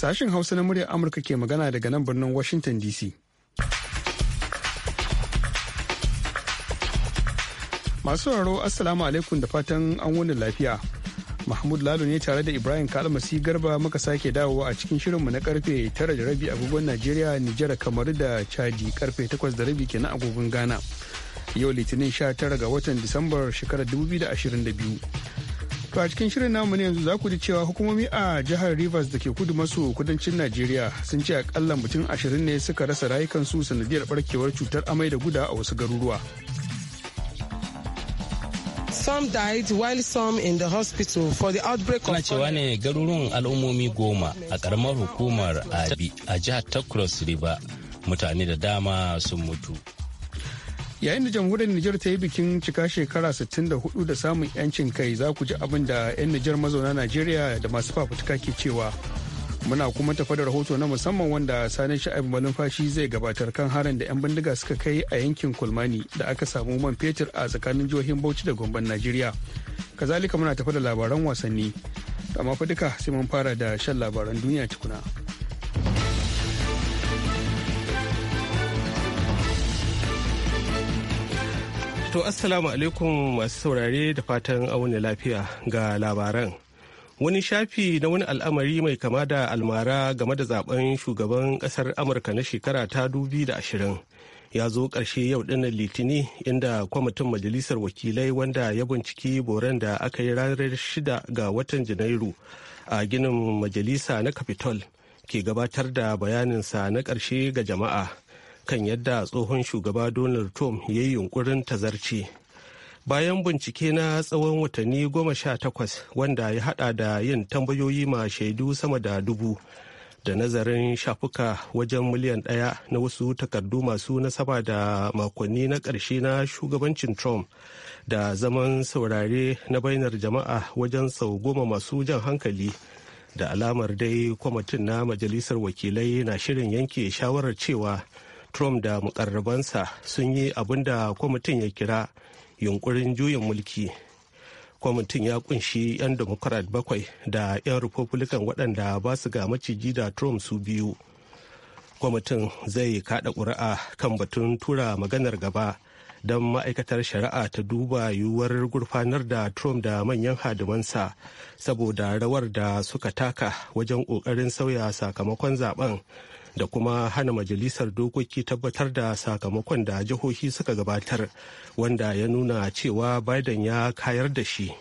Sashen Hausa na muryar Amurka ke magana daga nan birnin Washington DC. Masu sauraro Assalamu alaikum da fatan an wani lafiya. Mahmud Lalo ne tare da Ibrahim Kalmasi Garba muka sake dawowa a cikin shirinmu na karfe 9 da rabi agogon Najeriya, Nijar, Kamaru da Chadi karfe 8 da rabi kenan agogon Ghana. Yau Litinin 19 ga watan Disambar shekarar 2022. To a cikin shirin namu ne yanzu za ku ji cewa hukumomi a jihar Rivers da ke kudu maso kudancin Najeriya sun ce akalla mutum ashirin ne suka rasa rayukansu sanadiyar barkewar cutar amai da guda a wasu garuruwa. some died while some in the hospital for the outbreak of cewa ne garuruwan al'ummomi goma a karamar hukumar abi a jihar ta river mutane da dama sun mutu yayin da jamhuriyar Nijar ta yi bikin cika shekara 64 da samun 'yancin kai za ku ji abin da 'yan Nijar mazauna Najeriya da masu fafutuka ke cewa. Muna kuma tafa da rahoto na musamman wanda sanin sha'ib malumfashi zai gabatar kan harin da 'yan bindiga suka kai a yankin Kulmani da aka samu man fetur a tsakanin jihohin Bauchi da Gombe Najeriya. Kazalika muna tafa da labaran wasanni. Amma fa duka sai mun fara da shan labaran duniya tukuna. To assalamu alaikum masu saurare da fatan auni lafiya ga labaran. Wani shafi na wani al'amari mai kama da almara game da zaben shugaban kasar Amurka na shekara ta da ashirin ya zo ƙarshe yau ɗinnan litini inda kwamitin majalisar wakilai wanda ya binciki boran da aka yi ranar shida ga watan janairu a ginin majalisa na capitol ke gabatar da bayaninsa na ƙarshe ga jama'a kan yadda tsohon shugaba donald trump ya yi yunkurin tazarci bayan bincike na tsawon watanni goma sha takwas wanda ya hada da yin tambayoyi ma shaidu sama da dubu da nazarin shafuka wajen miliyan ɗaya na wasu takardu masu nasaba da makonni na ƙarshe na shugabancin trump da zaman saurare na bainar jama'a wajen sau goma masu jan hankali da alamar dai kwamitin na majalisar wakilai na shirin yanke shawarar cewa trump da mukarrabansa sun yi abin da kwamitin ya kira yunkurin juyin mulki kwamitin ya kunshi 'yan democrat bakwai da 'yan republican waɗanda ba su ga maciji da trump su biyu kwamitin zai kaɗa ƙuri'a kan batun tura maganar gaba don ma'aikatar shari'a ta duba yiwuwar gurfanar da trump da manyan hadimansa saboda rawar da suka taka wajen ƙoƙarin sauya sakamakon zaben da kuma hana majalisar dokoki tabbatar da sakamakon da jihohi suka gabatar wanda ya nuna cewa biden ya kayar da shi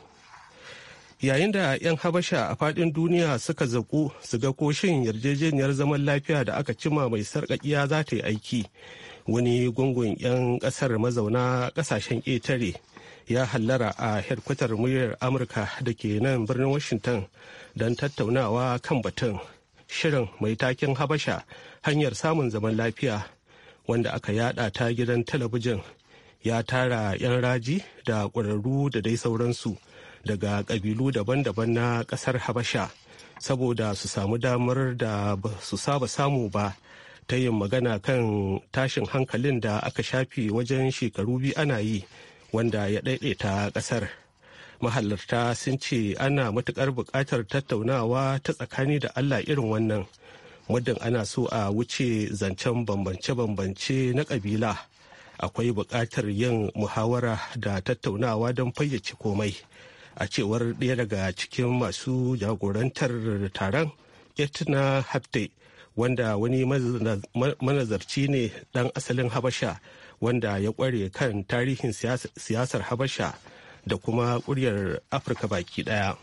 yayin da 'yan habasha a fadin duniya suka zaku su ga koshin yarjejeniyar zaman lafiya da aka cima mai sarƙaƙiya za ta yi aiki wani gungun 'yan ƙasar mazauna ƙasashen ƙetare ya hallara a hedkwatar muryar amurka da ke nan birnin washington don tattaunawa kan batun. shirin mai takin habasha hanyar samun zaman lafiya wanda aka yada ta gidan talabijin ya tara 'yan raji da ƙwararru da dai sauransu daga ƙabilu daban-daban na ƙasar habasha saboda su samu damar da su saba samu ba ta yin magana kan tashin hankalin da aka shafi wajen shekaru biyu ana yi wanda ya ɗaiɗaita ƙasar. mahalarta sun ce ana matukar buƙatar tattaunawa ta tsakani da allah irin wannan muddin ana so a wuce zancen bambance-bambance na ƙabila akwai buƙatar yin muhawara da tattaunawa don fayyace komai a cewar ɗaya daga cikin masu jagorantar taron etna hapte wanda wani manazarci ne ɗan asalin habasha wanda ya ƙware kan tarihin siyasar habasha da kuma kuryar afirka baki daya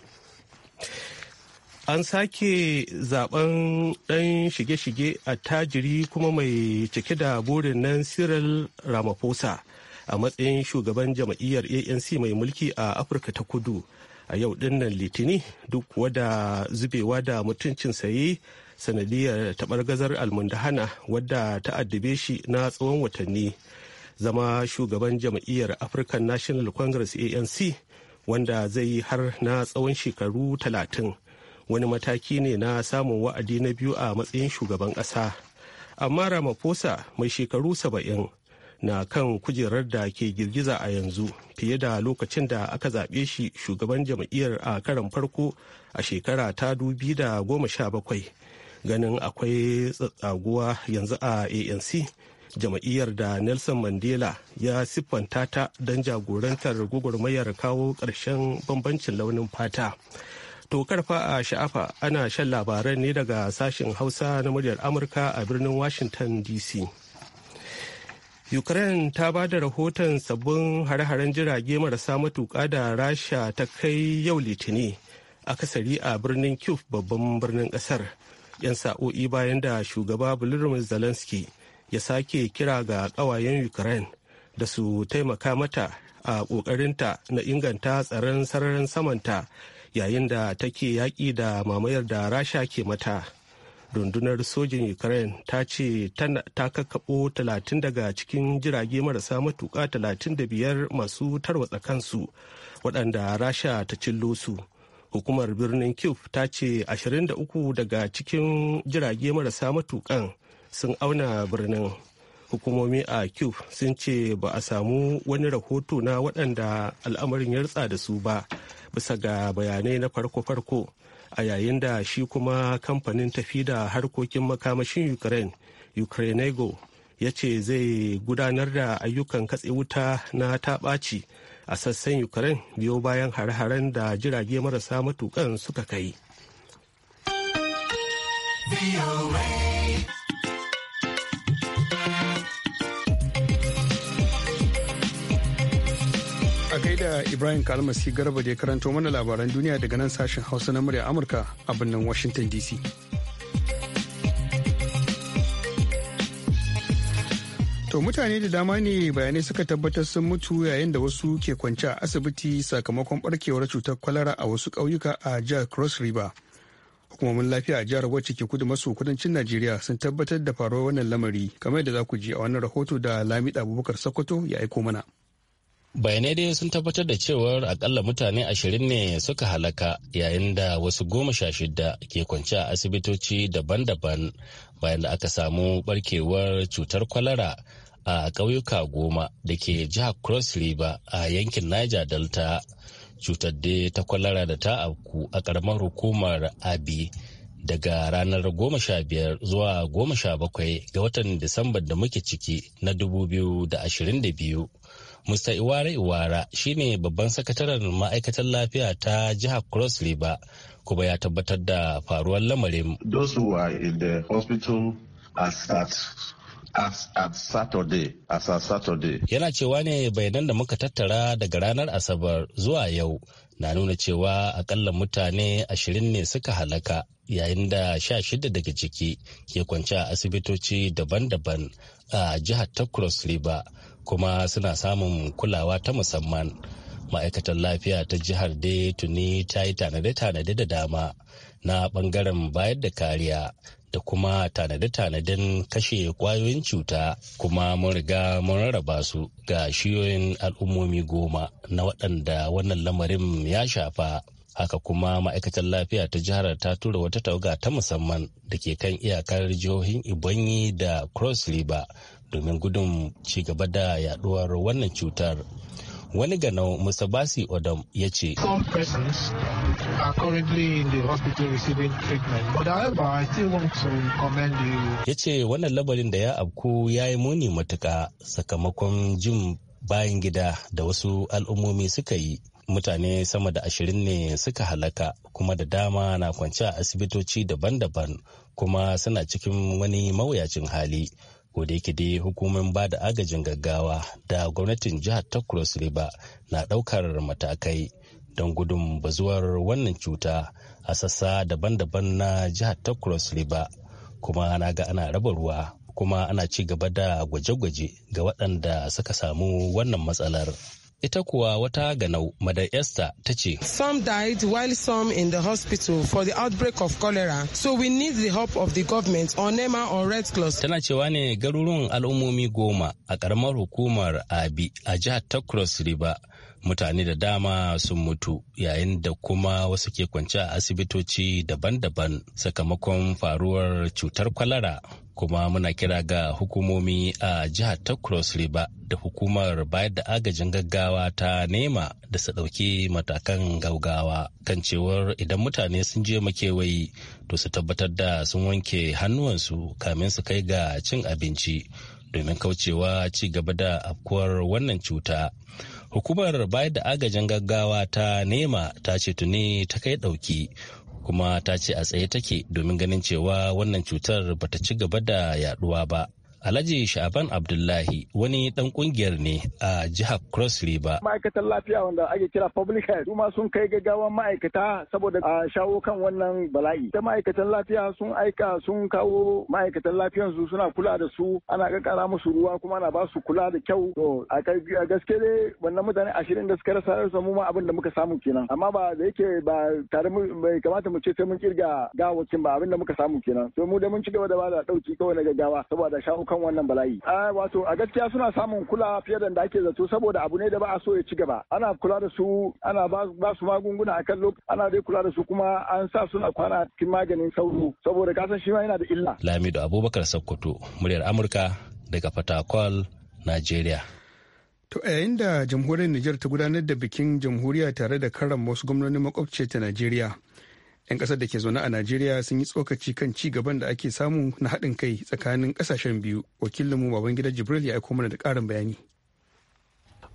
an sake zaben dan shige-shige a tajiri kuma mai cike da burin nan cyril ramaphosa a matsayin shugaban jam'iyyar anc mai mulki a afirka ta kudu a yau dinnan litini duk wada zubewa da mutuncin saye sanadiyar taɓargazar almundahana wadda ta addabe shi na tsawon watanni zama shugaban jam'iyyar african national congress anc wanda zai yi har na tsawon shekaru talatin wani mataki ne na samun wa'adi na biyu a matsayin shugaban ƙasa amma ramaphosa mai shekaru saba'in na kan kujerar da ke girgiza a yanzu fiye da lokacin da aka zaɓe shi shugaban jam'iyyar a karan farko a shekara ta dubi da goma sha bakwai ganin akwai tsatsaguwa yanzu a anc jama'iyyar da nelson mandela ya siffanta ta don jagorantar gugurmayar kawo ƙarshen bambancin launin fata to karfa a sha'afa ana shan labaran ne daga sashen hausa na muryar amurka a birnin washington dc ukraine ta ba da rahoton sabbin hare-haren jirage marasa matuka da rasha ta kai yau litini akasari a birnin kyiv babban birnin kasar 'yan sa'o'i bayan da shugaba volodymyr zelensky ya sake kira ga ƙawayen ukraine da su taimaka mata a ƙoƙarinta na inganta tsaron sararin samanta yayin da take yaƙi da mamayar da rasha ke mata rundunar sojin ukraine ta ce ta kakaɓo 30 daga cikin jirage marasa matuƙa 35 masu tarwatsa kansu waɗanda rasha ta cillo su hukumar birnin kyiv ta ce 23 daga cikin jirage marasa matuƙan sun auna birnin hukumomi a kyuf sun ce ba a samu wani rahoto na waɗanda al'amarin ya rutsa da su ba bisa ga bayanai na farko-farko a yayin da shi kuma kamfanin tafi da harkokin makamashin ukraine ukrainego ya ce zai gudanar da ayyukan katse wuta na taɓaci a sassan ukraine biyo bayan har haren da jirage marasa matukan suka kai. da Ibrahim Kalmasi Garba da ya karanto mana labaran duniya daga nan sashen Hausa na murya Amurka a birnin Washington DC. To mutane da dama ne bayanai suka tabbatar sun mutu yayin da wasu ke kwance a asibiti sakamakon barkewar cutar kwalara a wasu ƙauyuka a jihar Cross River. Hukumomin lafiya a jihar wacce ke kudu maso kudancin Najeriya sun tabbatar da faruwar wannan lamari kamar yadda za ku ji a wannan rahoto da Lamid Abubakar Sokoto ya aiko mana. bayanai dai sun tabbatar da cewar akalla mutane ashirin ne suka halaka yayin da wasu goma sha shida ke kwance a asibitoci daban-daban bayan da aka samu barkewar cutar kwalara a ƙauyuka goma da ke jihar cross river a yankin niger delta cutar da ta kwalara da ta afku a ƙaramar hukumar abi daga ranar goma sha biyar zuwa goma sha bakwai ga watan disamba da muke ciki na da biyu Mr. Iwara Iwara shine babban sakataren ma'aikatar lafiya ta jihar Cross River kuma ya tabbatar da faruwar lamarin. Those who are in the hospital are start As at Saturday, as Yana cewa ne bayanan da muka tattara daga ranar Asabar zuwa yau na nuna cewa akalla mutane ashirin ne suka halaka yayin da sha shida daga ciki ke kwanci a asibitoci daban-daban a jihar ta Cross River. kuma suna samun kulawa ta musamman ma'aikatar lafiya ta jihar dai tuni ta yi tanade-tanade da dama na bangaren bayar da kariya da kuma tanade-tanaden kashe kwayoyin cuta kuma mun riga mun rarraba su ga shiyoyin al'ummomi goma na waɗanda wannan lamarin ya shafa haka kuma ma'aikatar lafiya ta jihar ta tura wata tauga ta musamman da ke kan iyakar jihohin ibonyi da cross river domin gudun cigaba da yaduwar wannan cutar wani ganau musabasi odom ya ce ya ce wannan labarin da ya afku ya yi muni matuka sakamakon jin bayan gida da wasu al'ummomi suka yi mutane sama da ashirin ne suka halaka kuma da dama na kwance a asibitoci daban-daban kuma suna cikin wani mawuyacin hali da yake dai hukumomin ba da agajin gaggawa da gwamnatin jihar ta cross river na ɗaukar matakai don gudun bazuwar wannan cuta a sassa daban-daban na jihar ta cross river kuma na ga ana raba ruwa kuma ana ci gaba da gwaje-gwaje ga waɗanda suka samu wannan matsalar. ita kuwa wata ganau madar esther ta ce some died while some in the hospital for the outbreak of cholera so we need the help of the government or nema or red cross tana cewa ne garuruwan al'ummomi goma a karamar hukumar abi a jihar ta cross river mutane da dama sun mutu yayin da kuma wasu ke kwance a asibitoci daban-daban sakamakon faruwar cutar kwalara kuma muna kira ga hukumomi a jihar ta cross river da hukumar bayar da agajin gaggawa ta nema da su ɗauki matakan gaugawa kan cewar idan mutane sun je makewayi to su tabbatar da sun wanke hannuwansu kamin su kai ga cin abinci domin kaucewa ci gaba da afkuwar wannan cuta hukumar bayar da agajin gaggawa ta nema ta ce tuni ta kai ɗauki kuma ta ce a tsaye take domin ganin cewa wannan cutar bata ci gaba da yaduwa ba Alhaji Shaban Abdullahi wani dan kungiyar ne a jihar Cross River. Ma'aikatan lafiya wanda ake kira public health kuma sun kai gaggawan ma'aikata saboda a shawo kan wannan bala'i. Ta ma'aikatan lafiya sun aika sun kawo ma'aikatan lafiyan su suna kula da su ana kakkara musu ruwa kuma ana ba su kula da kyau. To a gaske dai wannan mutane ashirin da suka rasa rasa mu ma abin da muka samu kenan. Amma ba da yake ba tare bai kamata mu ce sai mun kirga gawakin ba abin da muka samu kenan. To mu da mun ci gaba da ba da dauki kawai na gaggawa saboda shawo kan kan wannan bala'i wato a gaskiya suna samun kula fiye da ake zato saboda abu ne da ba a so ya ci gaba ana kula da su ana ba su magunguna a kan lokaci ana dai kula da su kuma an sa suna kwana cikin maganin sauro saboda kasan shi ma yana da illa lamido abubakar sokoto muryar amurka daga fatakwal nigeria To yayin da jamhuriyar Nijar ta gudanar da bikin jamhuriya tare da karan wasu gwamnonin makwabce ta Najeriya. 'yan ƙasar da ke zaune a najeriya sun yi tsokaci kan ci gaban da ake samu na haɗin kai tsakanin ƙasashen biyu wakilinmu babangida jibril ya aiko mana da ƙarin bayani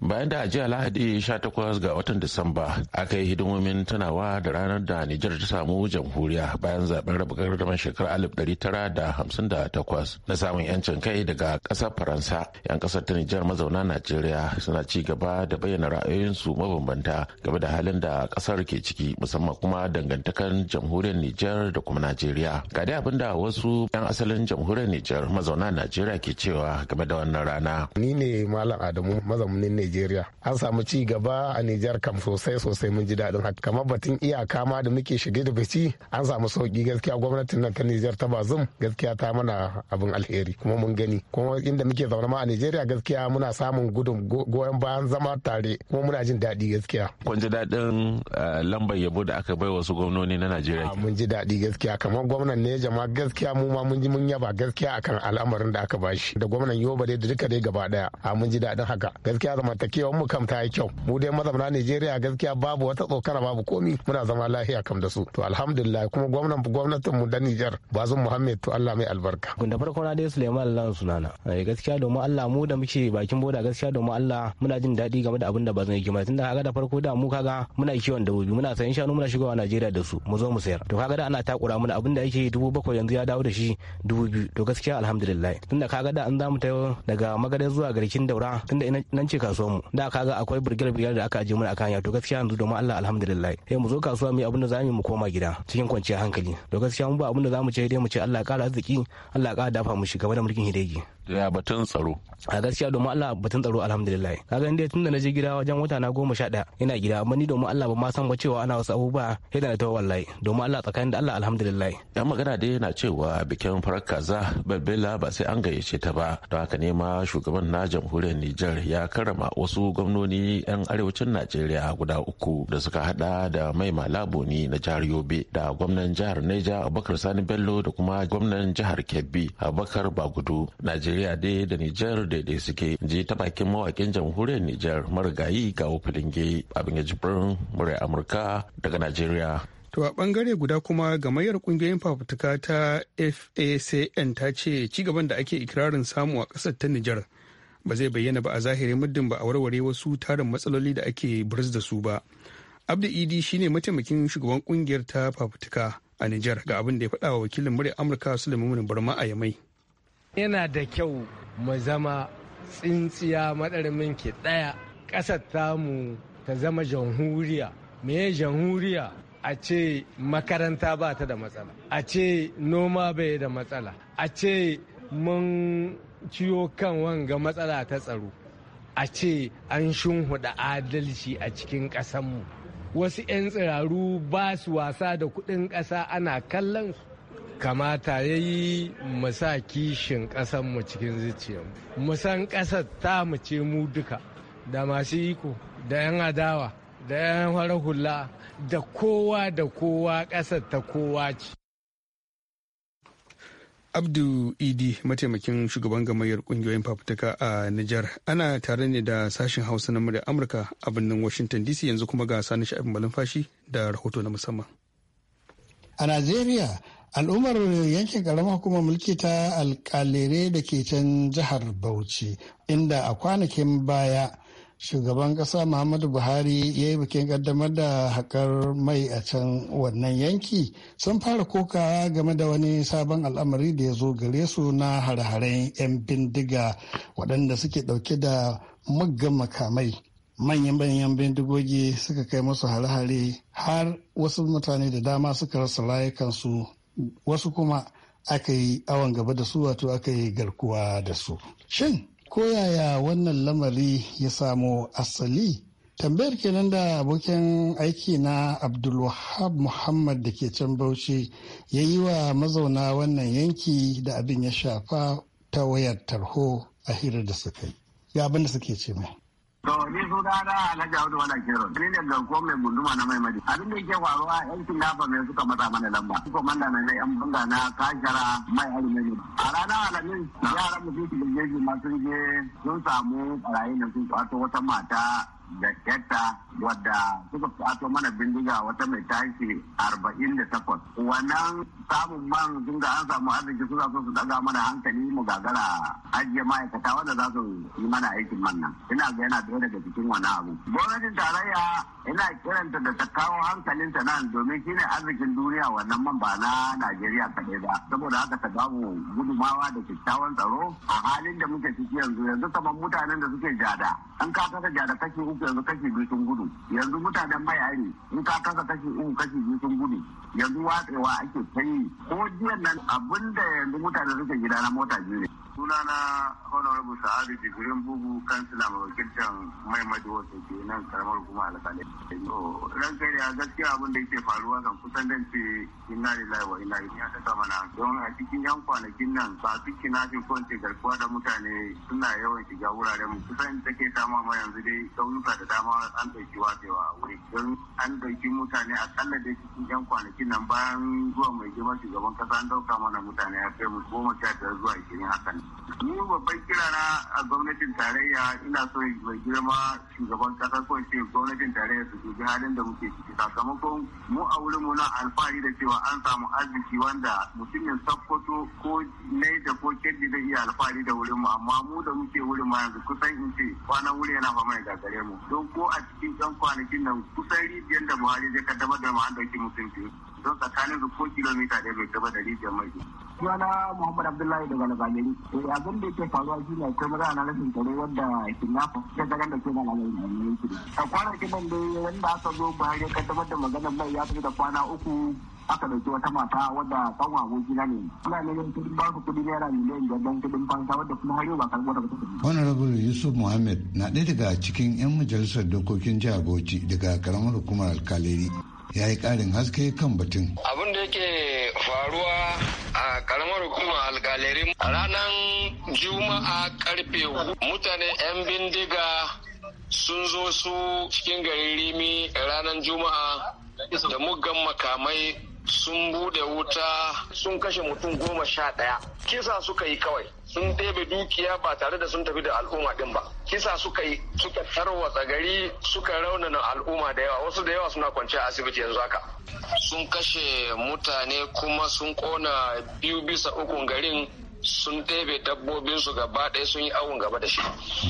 bayan da a jiya lahadi 18 ga watan disamba aka yi hidimomin tunawa da ranar da nijar ta samu jamhuriya bayan zaben raba gardamar shekarar 1958 na samun yancin kai daga kasar faransa yan kasar ta nijar mazauna najeriya suna ci gaba da bayyana ra'ayoyinsu mabambanta game da halin da kasar ke ciki musamman kuma dangantakan jamhuriyar nijar da kuma najeriya ga dai abin da wasu yan asalin jamhuriyar nijar mazauna najeriya ke cewa game da wannan rana ni ne malam adamu mazaunin Najeriya an samu ci gaba a Nijar kam sosai sosai mun ji daɗin haka kamar batun iyaka ma da muke shige da bici an samu sauki gaskiya gwamnatin nan ta Nijar ta bazum gaskiya ta mana abin alheri kuma mun gani kuma inda muke zaune ma a Najeriya gaskiya muna samun gudun goyon bayan zama tare kuma muna jin daɗi gaskiya. Kun ji daɗin eh, lambar yabo da aka bai wasu gwamnoni na Najeriya. Ah, mun ji daɗi gaskiya kamar gwamnan ne jama'a gaskiya mu ma mun ji mun yaba gaskiya akan al'amarin da aka bashi da gwamnan Yoba dai da duka dai gaba daya a ah, mun ji daɗin haka gaskiya zama zamantakewar mu kam ta yi kyau mu dai mazauna Najeriya gaskiya babu wata tsokara babu komi muna zama lafiya kam da su to alhamdulillah kuma gwamnan gwamnatin mu da Nijar bazum Muhammad to Allah mai albarka gunda farko na dai Suleiman Allah sunana eh, gaskiya domin Allah mu da muke bakin boda gaskiya domin Allah muna jin daɗi game da abin da bazan yi tunda kaga da farko da mu kaga muna kiwon dabbobi muna sayan shanu muna shigowa Najeriya da su mu zo mu sayar to kaga da ana takura mana abin da yake dubu bakwai yanzu ya dawo da shi dubu biyu to gaskiya alhamdulillah tunda kaga da an zamu ta daga magadar zuwa garkin daura tunda nan ce kasuwa mu da kaga akwai burgiyar biyar da aka aje mana akan ya to gaskiya yanzu domin Allah alhamdulillah sai mu zo kasuwa mu yi abin da za mu koma gida cikin kwanciyar hankali to gaskiya mu ba abin da za mu ce dai mu ce Allah ƙara arziki Allah ya ƙara dafa mu shiga da mulkin hidegi ya batun tsaro a gaskiya domin Allah batun tsaro alhamdulillah kaga inda tunda na je gida wajen wata na goma sha daya ina gida amma ni domin Allah ba ma san ba cewa ana wasu abubuwa sai da ta wallahi domin Allah tsakanin da Allah alhamdulillah yan magana dai yana cewa bikin Farak kaza balbela ba sai an gayyace ta ba don haka ne ma shugaban na jamhuriyar Nijar ya karrama wasu gwamnoni 'yan arewacin najeriya guda uku da suka hada da mai malaboni na jihar yobe da gwamnan jihar neja abubakar sani bello da kuma gwamnan jihar kebbi abubakar bagudu najeriya dai da nijar daidai suke ji ta bakin mawakin jamhuriyar nijar marigayi ga filinge abin ya jibirin murai amurka daga najeriya To a bangare guda kuma ga gamayyar kungiyoyin fafutuka ta FACN ta ce cigaban da ake ikirarin samu a ƙasar ta Nijar ba zai bayyana ba a zahiri muddin ba a warware wasu tarin matsaloli da ake birs da su ba abdu idi shine mataimakin shugaban kungiyar ta fafutuka a nijar ga abin da ya faɗa wa wakilin murya amurka suleiman barma a yamai yana da kyau mu zama tsintsiya madarimin ki ɗaya ƙasar tamu ta zama jamhuriya me jamhuriya a ce makaranta ba ta da matsala a ce noma bai da matsala a ce mun ciwo kan wanga matsala ta tsaro a ce an shunhuda adalci a cikin ƙasanmu wasu 'yan tsiraru ba su wasa da kuɗin ƙasa ana kallon su kamata ya yi sa kishin ƙasanmu cikin zuciya musan san ƙasar ta mu ce mu duka da masu iko da 'yan adawa da 'yan hula da kowa da kowa ƙasar ta kowa ce abdu idi mataimakin shugaban gamayyar kungiyoyin fafutuka a nijar ana tare ne da sashen hausa na murya amurka a birnin washington dc yanzu kuma ga sani sha'ibin malumfashi da rahoto na musamman a najeriya al'ummar yankin karamar hukumar mulki ta alkalere da ke can jihar bauchi inda a kwanakin baya shugaban kasa muhammadu buhari ya yi bikin ƙaddamar da haƙar mai a can wannan yanki sun fara koka game da wani sabon al'amari da ya zo gare su na hare-haren 'yan bindiga waɗanda suke ɗauke da muggan makamai manyan-manyan bindigogi suka kai musu hare-hare har wasu mutane da dama suka rasa rayukansu wasu kuma aka yi awon gaba da su wato aka yi garkuwa da su shin ko yaya wannan lamari ya samo asali tambayar kenan da abokin aiki na abdulwahab muhammad da ke can bauchi ya yi wa mazauna wannan yanki da abin ya shafa ta wayar tarho a hira da suka yi ya abin da suke ce mai To ni suna na Alhaji Audu Wala Kero, ni ne garko mai gunduma na maimadi. Abin da yake faruwa yan kidnapper ne suka matsa mana lamba. Komanda na na yan banga na kashara mai almeni. A ranar alamin yaran mutum da jeji masu je sun samu barayi da sun kwato wata mata da yatta wadda suka fato mana bindiga wata mai tashi arba'in da takwas wannan samun man sun ga an samu arziki suna so su daga mana hankali mu gagara ajiye ma'aikata wanda za su yi mana aikin man nan ina ga yana ɗaya daga cikin wani abu gwamnatin tarayya ina kiranta da ta kawo hankalinta nan domin shine arzikin duniya wannan man ba na najeriya kaɗai ba saboda haka ta gamu gudumawa da kyakkyawan tsaro a halin da muke ciki yanzu yanzu kamar mutanen da suke jada an ka kasa jada kashi uku yanzu kashi biyu sun gudu yanzu mutanen bayani in ka kasa kashi uku kashi biyu sun gudu yanzu watsewa ake ta yi ko jiyan nan abinda yanzu mutane suke gida na mota biyu ne sunana honorable sa'adu jigirin bugu kansila mai wakilcan mai maduwa da ke nan karamar kuma alkalai ran kai da gaskiya abin da yake faruwa kan kusan dan ce da laiwa wa yi ilaihi raji'un mana don a cikin yan kwanakin nan ba su kinafin ko kwanci garkuwa da mutane suna yawan shiga wuraren mu kusan take kama ma yanzu dai ƙauyuka da dama an ɗauki watsewa a wuri don an ɗauki mutane akalla da cikin yan kwanakin nan bayan zuwa mai girma shugaban kasa an ɗauka mana mutane a kai mu goma sha biyar zuwa ishirin hakan ni babban kirana a gwamnatin tarayya ina so mai girma shugaban kasa ko ce gwamnatin tarayya su dubi halin da muke ciki sakamakon mu a wurin mu na alfahari da cewa an samu arziki wanda mutumin sakkwato ko naija ko kirji zai iya alfahari da wurin mu amma mu da muke wurin ma yanzu kusan in ce kwanan wuri yana fama da gagare mu don ko a cikin yan kwanakin nan kusan rijiyar da buhari zai kaddamar da mu an dauki mutum don tsakanin su ko kilomita ɗaya bai gaba da rijiyar mai suna Muhammad Abdullahi daga Lagamari. Eh abin da yake faruwa shi ne akwai maza na rashin tare wanda kidnap ya daga da ke na Lagamari. A kwana nan da wanda aka zo Buhari ya kaddamar da maganar mai ya tafi da kwana uku aka dauki wata mata wadda kanwa abokina ne ana neman kudin ba su kudi naira miliyan da don kudin fansa wadda kuma har yau ba karɓar da honorable yusuf muhammad na ɗaya daga cikin 'yan majalisar dokokin jihar bauchi daga karamar hukumar alkaleri ya yi ƙarin haske kan batun. Abin da yake faruwa a karamar hukumar alkalerin ranar juma'a karfe mutane 'yan bindiga sun zo su cikin garin rimi ranar juma'a da muggan makamai sun bude wuta sun kashe mutum goma sha ɗaya kisa suka yi kawai sun ɗebe dukiya ba tare da sun tafi da al'umma din ba kisa suka yi suka tarwatsa gari suka raunana al'umma da yawa wasu da yawa suna kwance a asibiti yanzu haka sun kashe mutane kuma sun kona biyu bisa uku, garin sun ɗebe dabbobinsu gaba ɗaya sun yi awon gaba da shi.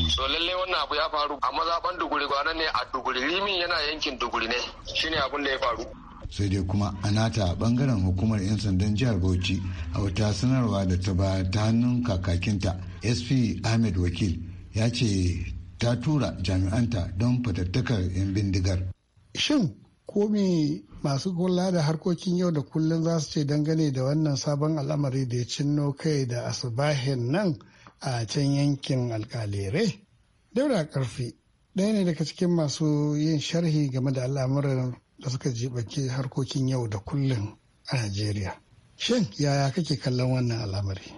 So lallai wannan abu ya faru a mazaban duguri gwanan ne a duguri limin yana yankin duguri ne shine abin da ya faru. sai dai kuma a nata bangaren hukumar 'yan sandan jihar bauchi a wata sanarwa da ta ba ta hannun kakakinta sp ahmed wakil ya ce ta tura jami'anta don fatattakar 'yan bindigar shin ko me masu kula da harkokin yau da kullum za su ce dangane da wannan sabon al'amari da ya cinno kai da asubahin nan a can yankin alkalere daura karfi ɗaya ne daga cikin masu yin sharhi game da al'amuran da suka jibake harkokin yau da kullum a Najeriya. Shin yaya kake kallon wannan al'amari?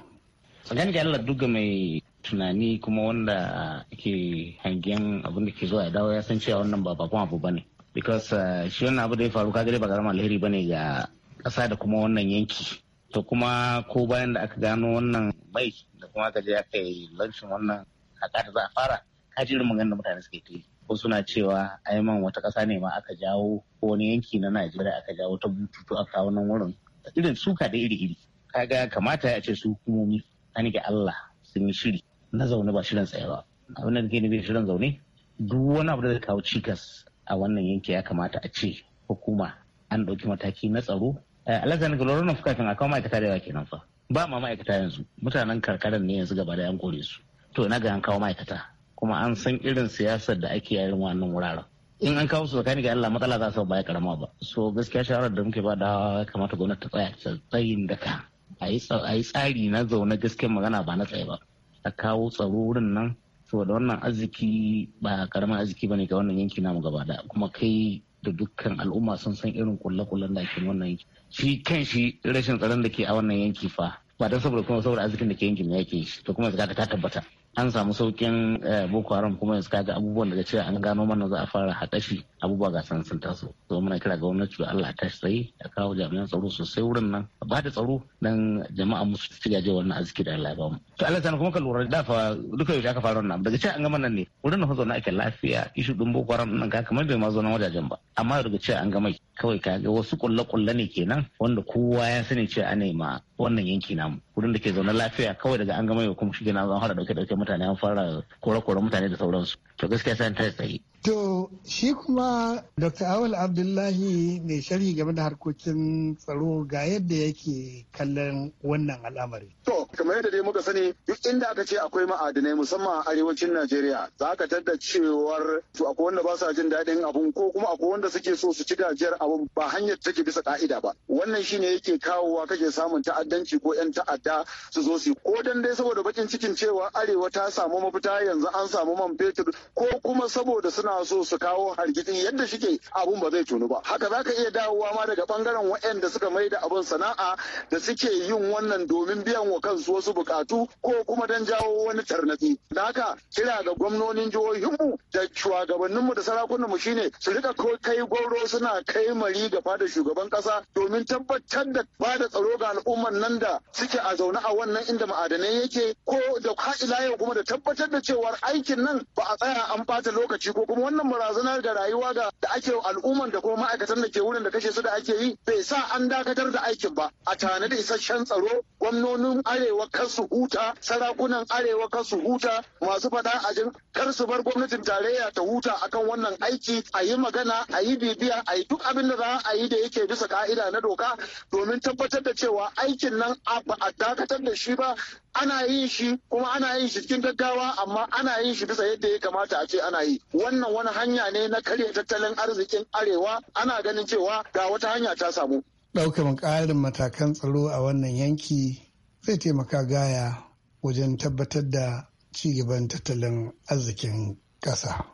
ga Allah duga mai tunani kuma wanda ke hangen abin da ke zuwa ya dawo ya san cewa wannan ba babban abu bane. Because uh, shi wannan abu da ya faru kaga dai ba garama alheri bane ga kasa da kuma wannan yanki. To kuma ko bayan da aka gano wannan mai da kuma aka je aka yi lancin wannan haƙa da za a fara kaji irin maganar mutane suke ta yi. ko suna cewa ai aiman wata ƙasa ne ma aka jawo ko wani yanki na najeriya aka jawo ta bututu a kawo nan wurin irin suka da iri-iri kaga kamata ya ce su hukumomi an ga allah sun yi shiri na zaune ba shirin tsaye ba abin da ke nufi shirin zaune duk wani abu da zai kawo cikas a wannan yanki ya kamata a ce hukuma an ɗauki mataki na tsaro eh, alasan ga loronof na a kawo ma'aikata da yawa kenan fa ba ma ma'aikata yanzu mutanen karkarar ne yanzu gaba da yan kore su to na ga an kawo ma'aikata kuma an san irin siyasar da ake yayin wannan wuraren in an kawo su tsakani ga Allah matsala za su baya karama ba so gaskiya shawarar da muke ba da kamata gwamnati ta tsaya ta tsayin ka a yi tsari na zaune gaskiyar magana ba na tsaye ba a kawo tsaro wurin nan saboda wannan arziki ba karamin arziki ba ne ga wannan yanki namu gaba da kuma kai da dukkan al'umma sun san irin kulle-kullen da ke wannan yanki shi kan shi rashin tsaron da ke a wannan yanki fa ba don saboda kuma saboda arzikin da ke yankin ya ke shi to kuma zaka ta tabbata an samu saukin eh, boko haram kuma yanzu kaga abubuwan daga cewa an gano mana za a fara haɗashi abubuwa ga san sun taso so muna kira ga gwamnati da Allah ta tsaye a kawo jami'an tsaro sosai wurin nan ba da tsaro dan jama'a musu su gaje wannan arziki da Allah ba mu to Allah sani kuma ka lura da fa duka yau aka fara wannan daga cewa an gama nan ne wurin nan na ake lafiya ishu dumbo boko haram nan ka kamar bai ma zo nan wajajen ba amma daga cewa an gama kawai ka ga wasu kulle-kulle ne kenan wanda kowa ya sani cewa ana ma wannan yanki namu wurin da ke zaune lafiya kawai daga an gama yau kuma shi na zan dauke-dauke mutane an fara kore-kore mutane da sauransu to gaskiya san ta tsaye to shi kuma dr Awul abdullahi mai sharhi game da harkokin tsaro ga yadda yake kallon wannan al'amari to kamar yadda dai muka sani duk inda aka ce akwai ma'adinai musamman a arewacin najeriya za ka tadda cewar to akwai wanda ba sa jin daɗin abun ko kuma akwai wanda suke so su ci gajiyar abun ba hanyar take bisa ka'ida ba wannan shine yake kawowa kake samun ta'addanci ko 'yan ta'adda su zo su ko dan dai saboda bakin cikin cewa arewa ta samu mafita yanzu an samu man fetur ko kuma saboda suna so su kawo hargitsi yadda shike abun ba zai tunu ba haka za ka iya dawowa ma daga bangaren waɗanda suka mai da abin sana'a da suke yin wannan domin biyan wa kansu wasu bukatu ko kuma don jawo wani tarnatsi da haka kira ga gwamnonin jihohinmu da shugabanninmu da sarakunanmu shine su rika kai gwauro suna kai mari ga fada shugaban kasa domin tabbatar da ba da tsaro ga al'umman nan da suke a zaune a wannan inda ma'adanai yake ko da ha'ila yau kuma da tabbatar da cewar aikin nan ba a tsaya an bata lokaci ko kuma wannan barazanar da rayuwa da ake al'umman da kuma ma'aikatan da ke wurin da kashe su da ake yi bai sa an dakatar da aikin ba a tanadi isasshen tsaro gwamnonin arewa kar su huta sarakunan arewa kar su huta masu faɗa jin kar su bar gwamnatin tarayya ta huta akan wannan aiki a yi magana a yi bibiya a yi duk abin da za a yi da yake bisa ka'ida na doka domin tabbatar da cewa aikin nan ba a dakatar da shi ba ana yin shi kuma ana yin shi cikin gaggawa amma ana yin shi bisa yadda ya kamata a ce ana yi wannan wani hanya ne na karya tattalin arzikin arewa ana ganin cewa ga wata hanya ta samu ɗaukar ƙarin matakan tsaro a wannan yanki zai taimaka gaya wajen tabbatar da ci gaban tattalin arzikin ƙasa.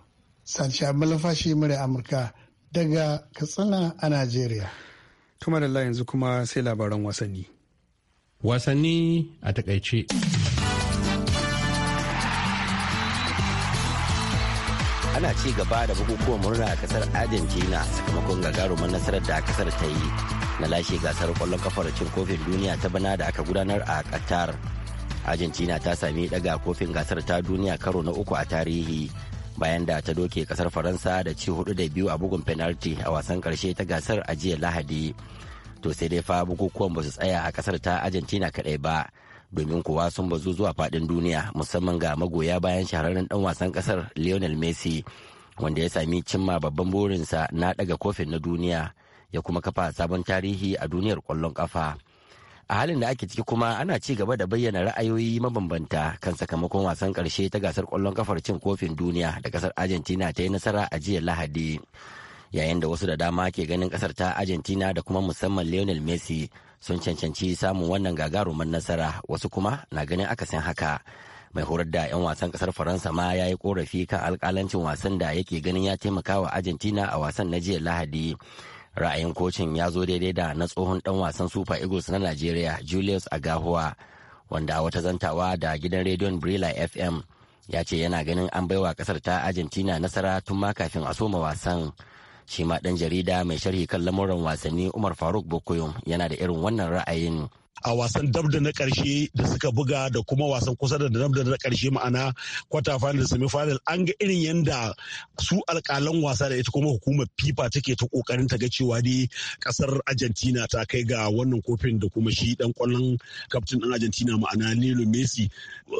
Sanshi Malafashi murya Amurka daga Katsina a Najeriya. Tuma da yanzu kuma sai labaran wasanni. wasanni a takaice ana ci gaba da bukukuwan murna a kasar argentina sakamakon gagarumin nasarar da kasar ta yi na lashe gasar kwallon kafar cin kofin duniya ta bana da aka gudanar a qatar argentina ta sami daga kofin gasar ta duniya karo na uku a tarihi bayan da ta doke kasar faransa da ci hudu da biyu a bugun penalty a wasan karshe ta gasar a jiya lahadi to sai dai fa bukukuwan ba su tsaya a kasar ta argentina kaɗai ba domin kuwa sun bazu zuwa faɗin duniya musamman ga magoya bayan shahararren dan wasan ƙasar lionel messi wanda ya sami cimma babban burinsa na ɗaga kofin na duniya ya kuma kafa sabon tarihi a duniyar kwallon ƙafa a halin da ake ciki kuma ana ci gaba da bayyana ra'ayoyi mabambanta kan sakamakon wasan ƙarshe ta gasar kwallon ƙafar cin kofin duniya da ƙasar argentina ta yi nasara a jiya lahadi yayin da wasu da dama ke ganin kasar ta argentina da kuma musamman lionel messi sun cancanci samun wannan gagarumar nasara wasu kuma na ganin akasin haka mai horar da 'yan wasan kasar faransa ma ya yi korafi kan alkalancin wasan da yake ganin ya taimaka wa argentina a wasan na jiya lahadi ra'ayin kocin ya zo daidai da na tsohon dan wasan super eagles na nigeria julius Agahua wanda a wata zantawa da gidan rediyon brila fm ya ce yana ganin an baiwa kasar ta argentina nasara tun ma kafin a soma wasan shi ma ɗan jarida mai sharhi kan lamuran wasanni umar faruk bokoyon yana da irin wannan ra'ayin a wasan dabda na karshe da suka buga da kuma wasan kusa da dab na karshe ma'ana kwata final da semi an ga irin yanda su alkalan wasa da ita kuma hukumar fifa take ta kokarin ta ga cewa dai kasar argentina ta kai ga wannan kofin da kuma shi dan kwallon kaftin din argentina ma'ana lilo messi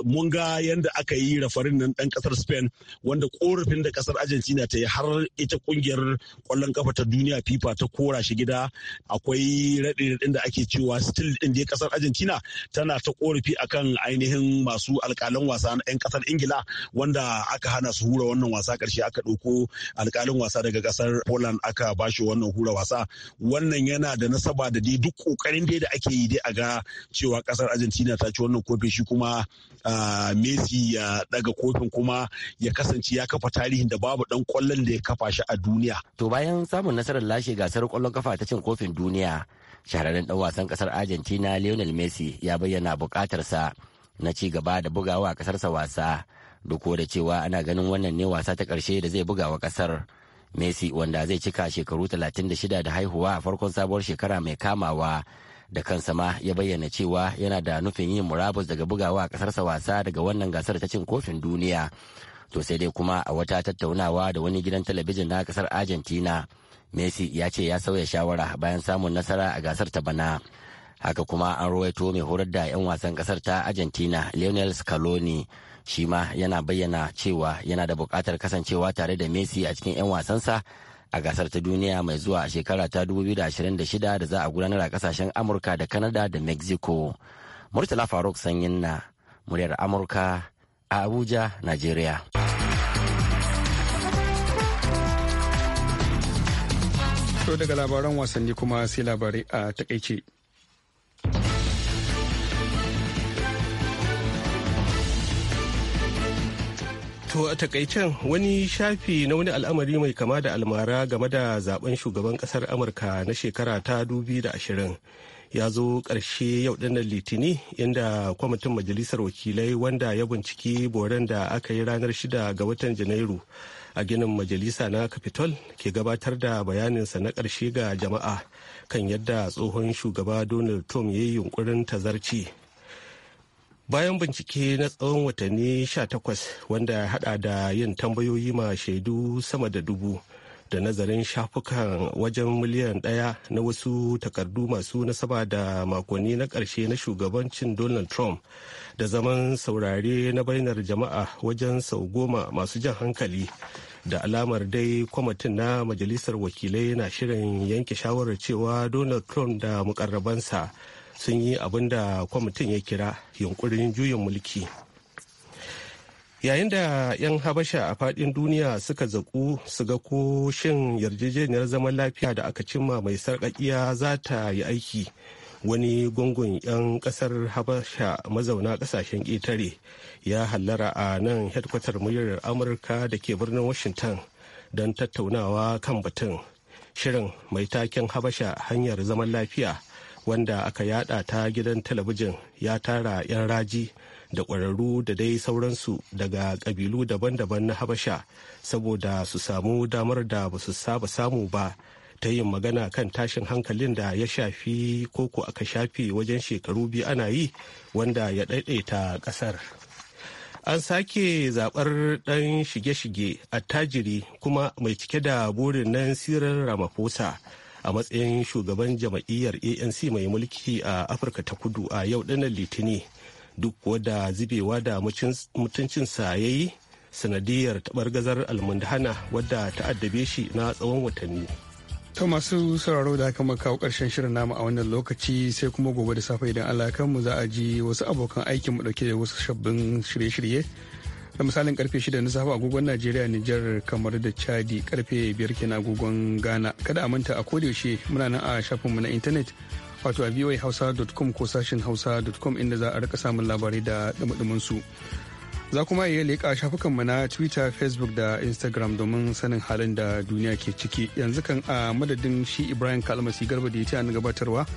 mun ga yadda aka yi rafarin nan dan kasar spain wanda korafin da kasar argentina ta yi har ita kungiyar kwallon kafa ta duniya fifa ta kora shi gida akwai raɗe-raɗin da ake cewa still din da kasar argentina tana ta korafi akan ainihin masu alkalin wasa na 'yan kasar ingila wanda aka hana su hura wannan wasa karshe aka ɗauko alkalin wasa daga kasar poland aka bashi wannan hura wasa wannan yana da nasaba da dai duk kokarin dai da ake yi dai a ga cewa kasar argentina ta ci wannan kofin shi kuma messi ya daga kofin kuma ya kasance ya kafa tarihin da babu dan kwallon da ya kafa shi a duniya to bayan samun nasarar lashe gasar kwallon kafa ta cin kofin duniya shahararren dan wasan kasar argentina lionel messi ya bayyana bukatarsa na ci gaba da bugawa a kasarsa wasa duk da cewa ana ganin wannan ne wasa ta karshe da zai bugawa kasar messi wanda zai cika shekaru 36 da haihuwa a farkon sabuwar shekara mai kamawa da kansa ma ya bayyana cewa yana da nufin yin murabus daga bugawa a kasarsa wasa daga wannan gasar ta cin kofin duniya to sai dai kuma a wata tattaunawa da wani gidan talabijin na kasar argentina messi ya ce ya sauya shawara bayan samun nasara a gasar ta bana haka kuma an ruwaito mai horar da 'yan wasan kasar ta argentina lionel scaloni shi ma yana bayyana cewa yana da buƙatar kasancewa tare da messi a cikin 'yan wasansa a gasar ta duniya mai zuwa a shekara ta 2026 da za a gudanar a kasashen amurka da canada da mexico murtala faruk sanyin na muryar amurka a Abuja, Najeriya. To daga labaran wasanni kuma sai labarai a takaice. To a takaicen wani shafi na wani al'amari mai kama da almara game da zaben shugaban kasar Amurka na shekara ta 2020 ya zo ƙarshe yau dinnan litini inda kwamitin majalisar wakilai wanda ya binciki boren da aka yi ranar shida ga watan janairu a ginin majalisa na capitol ke gabatar da bayaninsa na ƙarshe ga jama'a kan yadda tsohon shugaba donald trump ya yi yunkurin tazarci bayan bincike na tsawon watanni 18 wanda ya hada da yin tambayoyi ma shaidu sama da dubu da nazarin shafukan wajen miliyan ɗaya na wasu takardu masu nasaba da makonni na ƙarshe na shugabancin donald trump da zaman saurare na bainar jama'a wajen sau goma masu jan hankali da alamar dai kwamitin na majalisar wakilai na shirin yanke shawarar cewa donald trump da mukarrabansa sun yi abin da kwamitin ya kira yunkurin juyin mulki. yayin da 'yan habasha a fadin duniya suka zaku su ga ko shin yarjejeniyar zaman lafiya da aka cimma mai sarƙaƙiya za ta yi aiki wani gungun 'yan ƙasar habasha mazauna ƙasashen ƙetare ya hallara a nan hedkwatar muryar amurka da ke birnin washington don tattaunawa kan batun shirin mai taken habasha hanyar zaman lafiya wanda aka yada ta gidan talabijin ya tara 'yan raji da ƙwararru da dai sauransu daga ƙabilu daban-daban na habasha saboda su samu damar da ba su saba samu ba ta yin magana kan tashin hankalin da ya shafi koko aka shafe wajen shekaru biyu ana yi wanda ya ɗaiɗaita ƙasar an sake zaɓar ɗan shige-shige a tajiri kuma mai cike da burin nan sirar ramaphosa a matsayin shugaban jama'iyyar anc mai mulki a afirka ta kudu a yau ɗanar litini duk wadda zubewa da mutuncinsa ya yi sanadiyar gazar almundahana wadda ta addabe shi na tsawon watanni. ta masu sauraro da aka kawo karshen shirin namu a wannan lokaci sai kuma gobe da safe idan Allah mu za a ji wasu abokan aikin mu dauke da wasu shabbin shirye-shirye. Da misalin karfe 6 na safe agogon Najeriya Nijar kamar da Chadi karfe 5 kenan agogon Ghana. Kada a manta a kodayaushe muna nan a shafinmu na intanet wato a voahausa.com ko sashen hausa.com inda za a rika samun labarai da dumudumin Za kuma iya leƙa shafukanmu na Twitter, Facebook da Instagram domin sanin halin da duniya ke ciki. Yanzu kan a madadin shi Ibrahim Kalmasi Garba da ya gabatarwa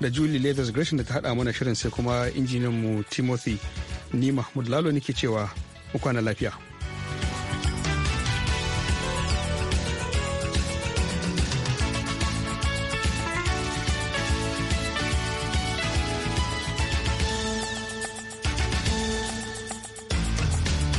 da Julie Leathers Gresham da ta haɗa mana shirin sai kuma injiniyanmu Timothy. Ni Mahmud Lalo nake cewa mu kwana lafiya.